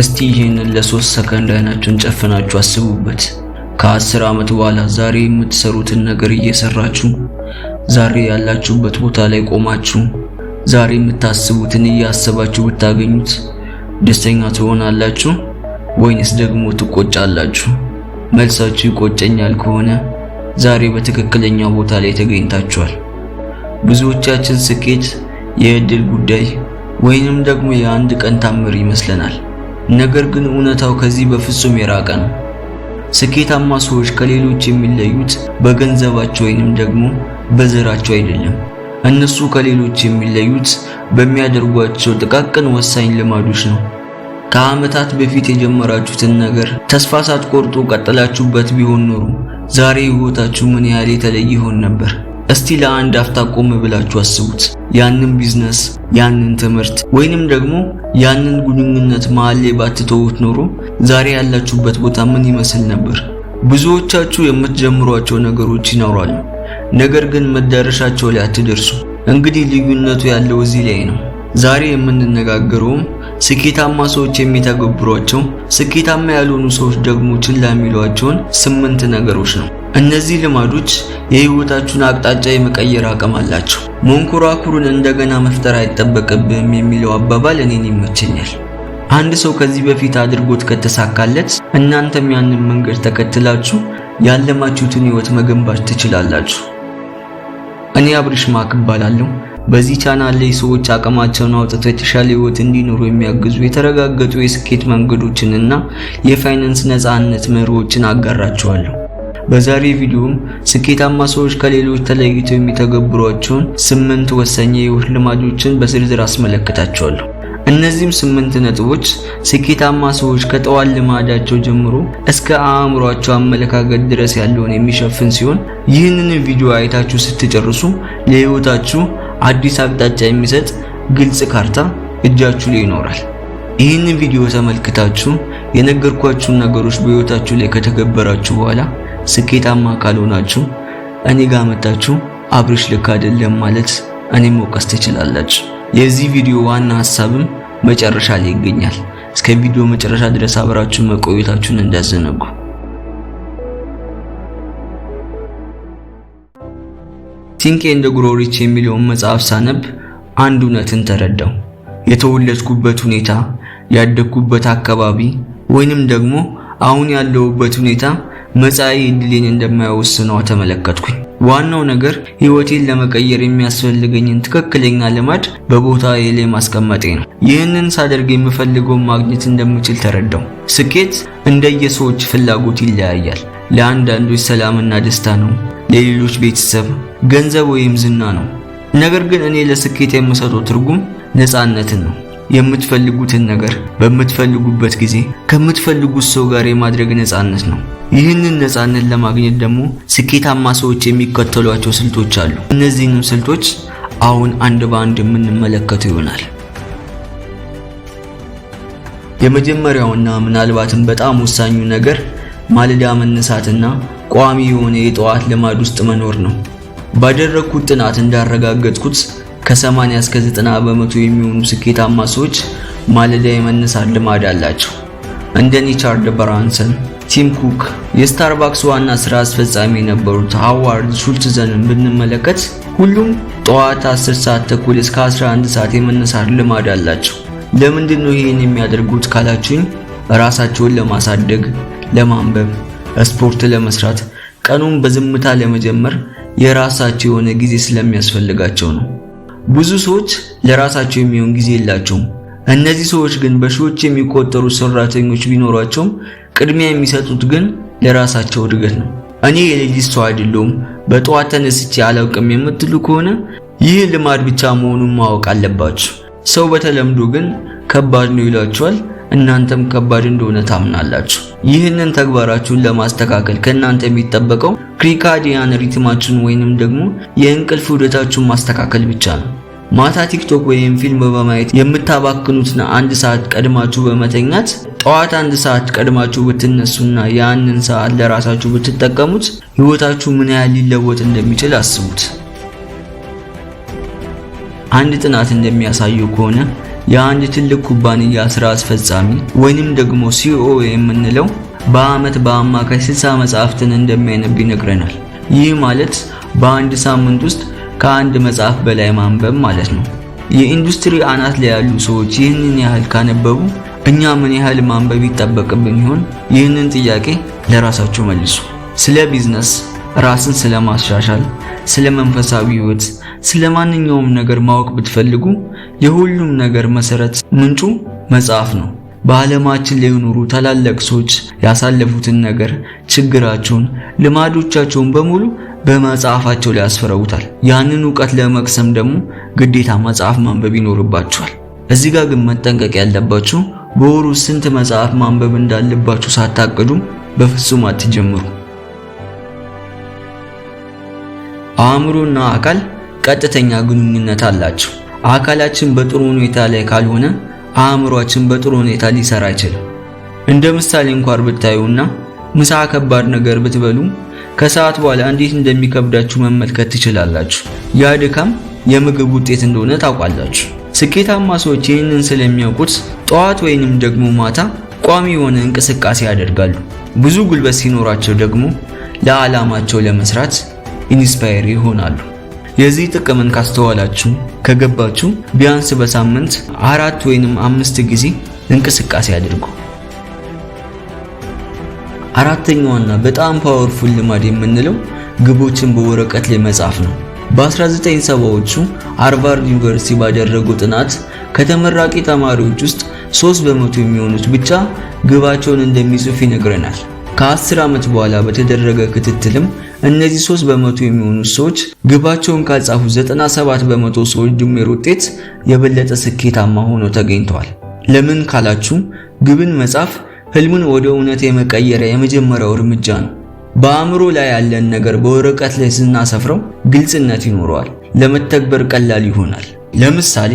እስቲ ይህን ለሶስት ሰከንድ አይናችሁን ጨፍናችሁ አስቡበት። ከአስር ዓመት በኋላ ዛሬ የምትሰሩትን ነገር እየሰራችሁ፣ ዛሬ ያላችሁበት ቦታ ላይ ቆማችሁ፣ ዛሬ የምታስቡትን እያሰባችሁ ብታገኙት ደስተኛ ትሆናላችሁ ወይንስ ደግሞ ትቆጫላችሁ? መልሳችሁ ይቆጨኛል ከሆነ ዛሬ በትክክለኛ ቦታ ላይ ተገኝታችኋል። ብዙዎቻችን ስኬት የእድል ጉዳይ ወይንም ደግሞ የአንድ ቀን ታምር ይመስለናል። ነገር ግን እውነታው ከዚህ በፍጹም የራቀ ነው። ስኬታማ ሰዎች ከሌሎች የሚለዩት በገንዘባቸው ወይንም ደግሞ በዘራቸው አይደለም። እነሱ ከሌሎች የሚለዩት በሚያደርጓቸው ጥቃቅን ወሳኝ ልማዶች ነው። ከዓመታት በፊት የጀመራችሁትን ነገር ተስፋ ሳትቆርጡ ቀጥላችሁበት ቢሆን ኖሮ ዛሬ ሕይወታችሁ ምን ያህል የተለየ ይሆን ነበር? እስቲ ለአንድ አፍታ ቆም ብላችሁ አስቡት። ያንን ቢዝነስ፣ ያንን ትምህርት ወይንም ደግሞ ያንን ግንኙነት መሀል ላይ ባትተውት ኖሮ ዛሬ ያላችሁበት ቦታ ምን ይመስል ነበር? ብዙዎቻችሁ የምትጀምሯቸው ነገሮች ይኖራሉ፣ ነገር ግን መዳረሻቸው ላይ አትደርሱ። እንግዲህ ልዩነቱ ያለው እዚህ ላይ ነው። ዛሬ የምንነጋገረውም ስኬታማ ሰዎች የሚተገብሯቸው፣ ስኬታማ ያልሆኑ ሰዎች ደግሞ ችላ የሚሏቸውን ስምንት ነገሮች ነው። እነዚህ ልማዶች የህይወታችሁን አቅጣጫ የመቀየር አቅም አላቸው። መንኮራኩሩን እንደገና መፍጠር አይጠበቅብህም የሚለው አባባል እኔን ይመቸኛል። አንድ ሰው ከዚህ በፊት አድርጎት ከተሳካለት እናንተም ያንን መንገድ ተከትላችሁ ያለማችሁትን ህይወት መገንባት ትችላላችሁ። እኔ አብሪሽ ማክ እባላለሁ። በዚህ ቻናል ላይ ሰዎች አቅማቸውን አውጥተው የተሻለ ህይወት እንዲኖሩ የሚያግዙ የተረጋገጡ የስኬት መንገዶችንና የፋይናንስ ነፃነት መርሆችን አጋራችኋለሁ። በዛሬ ቪዲዮም ስኬታማ ሰዎች ከሌሎች ተለይተው የሚተገብሯቸውን ስምንት ወሳኝ የህይወት ልማዶችን በዝርዝር አስመለክታቸዋለሁ እነዚህም ስምንት ነጥቦች ስኬታማ ሰዎች ከጠዋት ልማዳቸው ጀምሮ እስከ አእምሯቸው አመለካከት ድረስ ያለውን የሚሸፍን ሲሆን ይህንን ቪዲዮ አይታችሁ ስትጨርሱ ለህይወታችሁ አዲስ አቅጣጫ የሚሰጥ ግልጽ ካርታ እጃችሁ ላይ ይኖራል። ይህንን ቪዲዮ ተመልክታችሁ የነገርኳችሁን ነገሮች በህይወታችሁ ላይ ከተገበራችሁ በኋላ ስኬታማ ካልሆናችሁ እኔ ጋር መጣችሁ አብርሽ ልክ አይደለም ማለት እኔ መውቀስ ትችላላችሁ። የዚህ ቪዲዮ ዋና ሀሳብም መጨረሻ ላይ ይገኛል። እስከ ቪዲዮ መጨረሻ ድረስ አብራችሁ መቆየታችሁን እንዳዘነጉ ቲንክ ኤንድ ግሮው ሪች የሚለውን መጽሐፍ ሳነብ አንድ እውነትን ተረዳው። የተወለድኩበት ሁኔታ፣ ያደግኩበት አካባቢ ወይንም ደግሞ አሁን ያለሁበት ሁኔታ መጻኢ ዕድሌን እንደማይወስነው ተመለከትኩኝ። ዋናው ነገር ህይወቴን ለመቀየር የሚያስፈልገኝን ትክክለኛ ልማድ በቦታ ላይ ማስቀመጤ ነው። ይህንን ሳደርግ የምፈልገውን ማግኘት እንደምችል ተረዳው። ስኬት እንደየሰዎች ፍላጎት ይለያያል። ለአንዳንዶች ሰላምና ደስታ ነው። ለሌሎች ቤተሰብ፣ ገንዘብ ወይም ዝና ነው። ነገር ግን እኔ ለስኬት የምሰጠው ትርጉም ነፃነትን ነው። የምትፈልጉትን ነገር በምትፈልጉበት ጊዜ ከምትፈልጉት ሰው ጋር የማድረግ ነፃነት ነው። ይህንን ነፃነት ለማግኘት ደግሞ ስኬታማ ሰዎች የሚከተሏቸው ስልቶች አሉ። እነዚህንም ስልቶች አሁን አንድ በአንድ የምንመለከተው ይሆናል። የመጀመሪያውና ምናልባትም በጣም ወሳኙ ነገር ማለዳ መነሳትና ቋሚ የሆነ የጠዋት ልማድ ውስጥ መኖር ነው። ባደረግኩት ጥናት እንዳረጋገጥኩት ከ80 እስከ 90 በመቶ የሚሆኑ ስኬታማ ሰዎች ማለዳ የመነሳት ልማድ አላቸው። እንደ ኒቻርድ ብራንሰን፣ ቲም ኩክ፣ የስታርባክስ ዋና ስራ አስፈጻሚ የነበሩት ሃዋርድ ሹልትዘንን ብንመለከት ሁሉም ጠዋት 10 ሰዓት ተኩል እስከ 11 ሰዓት የመነሳት ልማድ አላቸው። ለምንድን ነው ይህን የሚያደርጉት ካላችሁኝ ራሳቸውን ለማሳደግ ለማንበብ፣ ስፖርት ለመስራት፣ ቀኑን በዝምታ ለመጀመር የራሳቸው የሆነ ጊዜ ስለሚያስፈልጋቸው ነው። ብዙ ሰዎች ለራሳቸው የሚሆን ጊዜ የላቸውም። እነዚህ ሰዎች ግን በሺዎች የሚቆጠሩ ሰራተኞች ቢኖሯቸውም ቅድሚያ የሚሰጡት ግን ለራሳቸው እድገት ነው። እኔ የልጅ ሰው አይደለሁም፣ በጠዋት ተነስቼ አላውቅም የምትሉ ከሆነ ይህ ልማድ ብቻ መሆኑን ማወቅ አለባችሁ። ሰው በተለምዶ ግን ከባድ ነው ይሏቸዋል። እናንተም ከባድ እንደሆነ ታምናላችሁ። ይህንን ተግባራችሁን ለማስተካከል ከእናንተ የሚጠበቀው ክሪካዲያን ሪትማችሁን ወይንም ደግሞ የእንቅልፍ ውደታችሁን ማስተካከል ብቻ ነው። ማታ ቲክቶክ ወይም ፊልም በማየት የምታባክኑትን አንድ ሰዓት ቀድማችሁ በመተኛት ጠዋት አንድ ሰዓት ቀድማችሁ ብትነሱና ያንን ሰዓት ለራሳችሁ ብትጠቀሙት ህይወታችሁ ምን ያህል ሊለወጥ እንደሚችል አስቡት። አንድ ጥናት እንደሚያሳየው ከሆነ የአንድ ትልቅ ኩባንያ ስራ አስፈጻሚ ወይንም ደግሞ ሲኦ የምንለው በአመት በአማካይ 60 መጽሐፍትን እንደሚያነብ ይነግረናል። ይህ ማለት በአንድ ሳምንት ውስጥ ከአንድ መጽሐፍ በላይ ማንበብ ማለት ነው። የኢንዱስትሪ አናት ላይ ያሉ ሰዎች ይህንን ያህል ካነበቡ እኛ ምን ያህል ማንበብ ይጠበቅብን ይሆን? ይህንን ጥያቄ ለራሳቸው መልሱ። ስለ ቢዝነስ፣ ራስን ስለማሻሻል፣ ስለ መንፈሳዊ ህይወት፣ ስለ ማንኛውም ነገር ማወቅ ብትፈልጉ የሁሉም ነገር መሰረት ምንጩ መጽሐፍ ነው። በዓለማችን ላይ የኖሩ ታላላቅ ሰዎች ያሳለፉትን ነገር፣ ችግራቸውን፣ ልማዶቻቸውን በሙሉ በመጽሐፋቸው ላይ አስፈረውታል። ያንን ዕውቀት ለመቅሰም ደግሞ ግዴታ መጽሐፍ ማንበብ ይኖርባቸዋል። እዚህ ጋር ግን መጠንቀቅ ያለባችሁ በወሩ ስንት መጽሐፍ ማንበብ እንዳለባችሁ ሳታቅዱም በፍጹም አትጀምሩ። አእምሮና አካል ቀጥተኛ ግንኙነት አላቸው። አካላችን በጥሩ ሁኔታ ላይ ካልሆነ አእምሯችን በጥሩ ሁኔታ ሊሰራ አይችልም። እንደ ምሳሌ እንኳን ብታዩና ምሳ ከባድ ነገር ብትበሉ ከሰዓት በኋላ እንዴት እንደሚከብዳችሁ መመልከት ትችላላችሁ። ያ ድካም የምግብ ውጤት እንደሆነ ታውቃላችሁ። ስኬታማ ሰዎች ይህንን ስለሚያውቁት ጠዋት ወይንም ደግሞ ማታ ቋሚ የሆነ እንቅስቃሴ ያደርጋሉ። ብዙ ጉልበት ሲኖራቸው ደግሞ ለዓላማቸው ለመስራት ኢንስፓየር ይሆናሉ። የዚህ ጥቅምን ካስተዋላችሁ ከገባችሁ ቢያንስ በሳምንት አራት ወይንም አምስት ጊዜ እንቅስቃሴ አድርጉ። አራተኛዋና በጣም ፓወርፉል ልማድ የምንለው ግቦችን በወረቀት ላይ መጻፍ ነው። በ1970ዎቹ ሃርቫርድ ዩኒቨርሲቲ ባደረጉ ጥናት ከተመራቂ ተማሪዎች ውስጥ 3 በመቶ የሚሆኑት ብቻ ግባቸውን እንደሚጽፍ ይነግረናል። ከአስር ዓመት በኋላ በተደረገ ክትትልም እነዚህ 3 በመቶ የሚሆኑ ሰዎች ግባቸውን ካልጻፉ 97 በመቶ ሰዎች ድምር ውጤት የበለጠ ስኬታማ ሆኖ ተገኝተዋል። ለምን ካላችሁ ግብን መጻፍ ህልምን ወደ እውነት የመቀየሪያ የመጀመሪያው እርምጃ ነው። በአእምሮ ላይ ያለን ነገር በወረቀት ላይ ስናሰፍረው ግልጽነት ይኖረዋል፣ ለመተግበር ቀላል ይሆናል። ለምሳሌ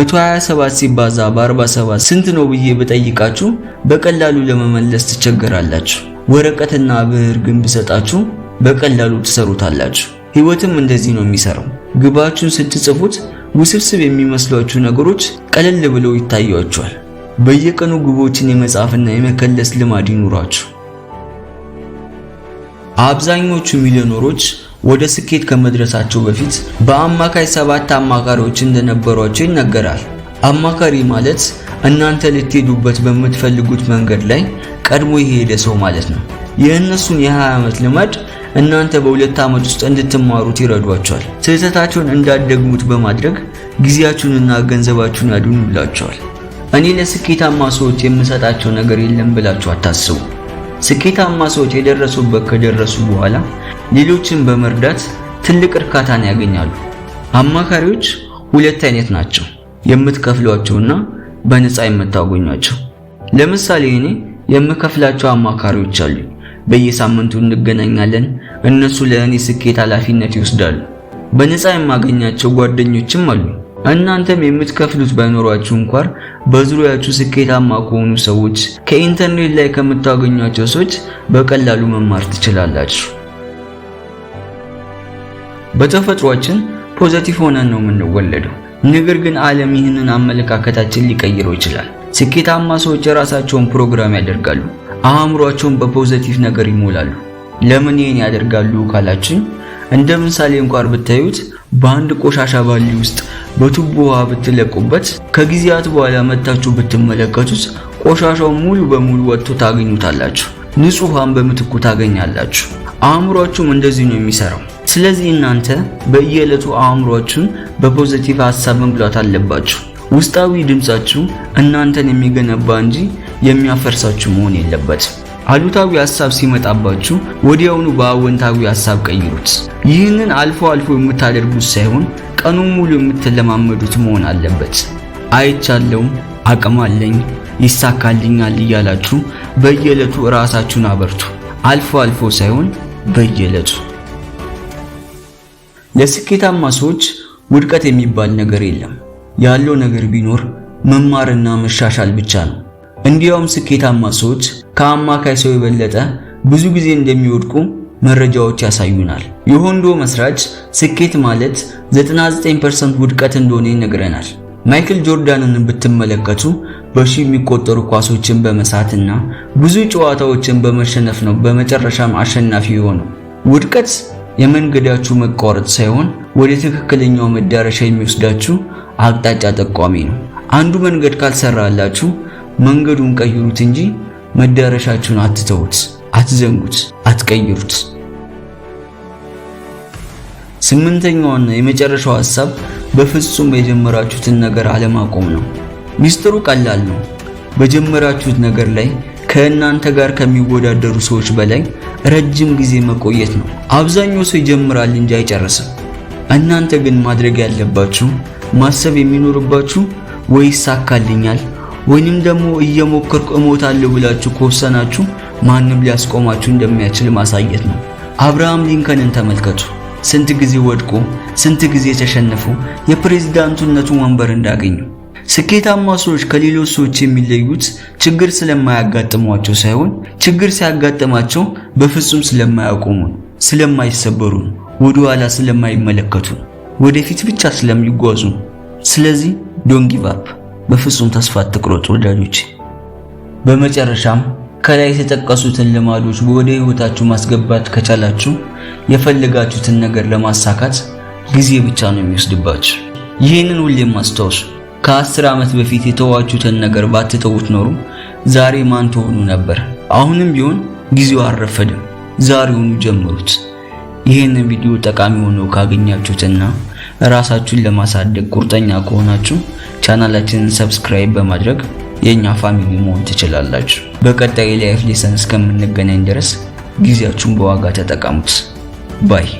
127 ሲባዛ በ47 ስንት ነው ብዬ ብጠይቃችሁ በቀላሉ ለመመለስ ትቸገራላችሁ። ወረቀትና ብዕር ግን ብሰጣችሁ በቀላሉ ትሰሩታላችሁ። ህይወትም እንደዚህ ነው የሚሰራው። ግባችሁን ስትጽፉት ውስብስብ የሚመስሏችሁ ነገሮች ቀለል ብለው ይታያችኋል። በየቀኑ ግቦችን የመጻፍና የመከለስ ልማድ ይኑራችሁ። አብዛኞቹ ሚሊዮነሮች ወደ ስኬት ከመድረሳቸው በፊት በአማካይ ሰባት አማካሪዎች እንደነበሯቸው ይነገራል። አማካሪ ማለት እናንተ ልትሄዱበት በምትፈልጉት መንገድ ላይ ቀድሞ የሄደ ሰው ማለት ነው። የእነሱን የ20 ዓመት ልማድ እናንተ በሁለት ዓመት ውስጥ እንድትማሩት ይረዷቸዋል። ስህተታቸውን እንዳደግሙት በማድረግ ጊዜያችሁንና ገንዘባችሁን ያድኑላቸዋል። እኔ ለስኬታማ ሰዎች የምሰጣቸው ነገር የለም ብላችሁ አታስቡ። ስኬታማ ሰዎች የደረሱበት ከደረሱ በኋላ ሌሎችን በመርዳት ትልቅ እርካታን ያገኛሉ። አማካሪዎች ሁለት አይነት ናቸው፣ የምትከፍሏቸውና በነፃ የምታገኟቸው። ለምሳሌ እኔ የምከፍላቸው አማካሪዎች አሉ። በየሳምንቱ እንገናኛለን። እነሱ ለእኔ ስኬት ኃላፊነት ይወስዳሉ። በነፃ የማገኛቸው ጓደኞችም አሉ። እናንተም የምትከፍሉት ባይኖራችሁ እንኳን በዙሪያችሁ ስኬታማ ከሆኑ ሰዎች፣ ከኢንተርኔት ላይ ከምታገኟቸው ሰዎች በቀላሉ መማር ትችላላችሁ። በተፈጥሯችን ፖዘቲቭ ሆነን ነው የምንወለደው። ነገር ግን ዓለም ይህንን አመለካከታችን ሊቀይረው ይችላል። ስኬታማ ሰዎች የራሳቸውን ፕሮግራም ያደርጋሉ። አእምሯቸውን በፖዘቲቭ ነገር ይሞላሉ። ለምን ይህን ያደርጋሉ ካላችን እንደ ምሳሌ እንኳን ብታዩት በአንድ ቆሻሻ ባሊ ውስጥ በቱቦ ውሃ ብትለቁበት ከጊዜያት በኋላ መታችሁ ብትመለከቱት ቆሻሻው ሙሉ በሙሉ ወጥቶ ታገኙታላችሁ። ንጹህ ውሃን በምትኩ ታገኛላችሁ። አእምሯችሁም እንደዚህ ነው የሚሰራው። ስለዚህ እናንተ በየዕለቱ አእምሯችሁን በፖዚቲቭ ሀሳብ መምላት አለባችሁ። ውስጣዊ ድምጻችሁ እናንተን የሚገነባ እንጂ የሚያፈርሳችሁ መሆን የለበትም። አሉታዊ ሀሳብ ሲመጣባችሁ ወዲያውኑ በአወንታዊ ሀሳብ ቀይሩት። ይህንን አልፎ አልፎ የምታደርጉት ሳይሆን ቀኑን ሙሉ የምትለማመዱት መሆን አለበት። አይቻለውም፣ አቅም አለኝ፣ ይሳካልኛል እያላችሁ በየዕለቱ ራሳችሁን አበርቱ። አልፎ አልፎ ሳይሆን በየዕለቱ ለስኬታማ ሰዎች ውድቀት የሚባል ነገር የለም። ያለው ነገር ቢኖር መማርና መሻሻል ብቻ ነው። እንዲያውም ስኬታማ ሰዎች ከአማካይ ሰው የበለጠ ብዙ ጊዜ እንደሚወድቁ መረጃዎች ያሳዩናል። የሆንዶ መስራች ስኬት ማለት 99% ውድቀት እንደሆነ ይነግረናል። ማይክል ጆርዳንን ብትመለከቱ በሺ የሚቆጠሩ ኳሶችን በመሳትና ብዙ ጨዋታዎችን በመሸነፍ ነው በመጨረሻም አሸናፊ የሆነው። ውድቀት የመንገዳችሁ መቋረጥ ሳይሆን ወደ ትክክለኛው መዳረሻ የሚወስዳችሁ አቅጣጫ ጠቋሚ ነው። አንዱ መንገድ ካልሰራላችሁ መንገዱን ቀይሩት እንጂ መዳረሻችሁን አትተውት፣ አትዘንጉት፣ አትቀይሩት። ስምንተኛውና የመጨረሻው ሐሳብ በፍጹም የጀመራችሁትን ነገር አለማቆም ነው። ሚስጥሩ ቀላል ነው። በጀመራችሁት ነገር ላይ ከእናንተ ጋር ከሚወዳደሩ ሰዎች በላይ ረጅም ጊዜ መቆየት ነው። አብዛኛው ሰው ይጀምራል እንጂ አይጨርስም። እናንተ ግን ማድረግ ያለባችሁ ማሰብ የሚኖርባችሁ ወይ ይሳካልኛል ወይንም ደግሞ እየሞከርኩ እሞታለሁ ብላችሁ ከወሰናችሁ ማንም ሊያስቆማችሁ እንደሚያችል ማሳየት ነው። አብርሃም ሊንከንን ተመልከቱ። ስንት ጊዜ ወድቆ ስንት ጊዜ ተሸንፎ የፕሬዝዳንትነቱን ወንበር እንዳገኘው ስኬታማ ሰዎች ከሌሎች ሰዎች የሚለዩት ችግር ስለማያጋጥሟቸው ሳይሆን ችግር ሲያጋጥማቸው በፍጹም ስለማያቆሙ ስለማይሰበሩ ወደ ኋላ ስለማይመለከቱ ወደፊት ብቻ ስለሚጓዙ ስለዚህ ዶንት ጊቭ አፕ፣ በፍጹም ተስፋ አትቁረጡ ወዳጆች። በመጨረሻም ከላይ የተጠቀሱትን ልማዶች ወደ ህይወታችሁ ማስገባት ከቻላችሁ የፈለጋችሁትን ነገር ለማሳካት ጊዜ ብቻ ነው የሚወስድባችሁ። ይህንን ሁሌም አስታውሱ። ከአስር ዓመት በፊት የተዋችሁትን ነገር ባትተውት ኖሩ ዛሬ ማን ትሆኑ ነበር? አሁንም ቢሆን ጊዜው አልረፈደም፣ ዛሬውኑ ጀምሩት። ይህን ቪዲዮ ጠቃሚ ሆኖ ካገኛችሁትና ራሳችሁን ለማሳደግ ቁርጠኛ ከሆናችሁ ቻናላችንን ሰብስክራይብ በማድረግ የኛ ፋሚሊ መሆን ትችላላችሁ። በቀጣይ ላይፍ ሌሰን እስከምንገናኝ ድረስ ጊዜያችሁን በዋጋ ተጠቀሙት ባይ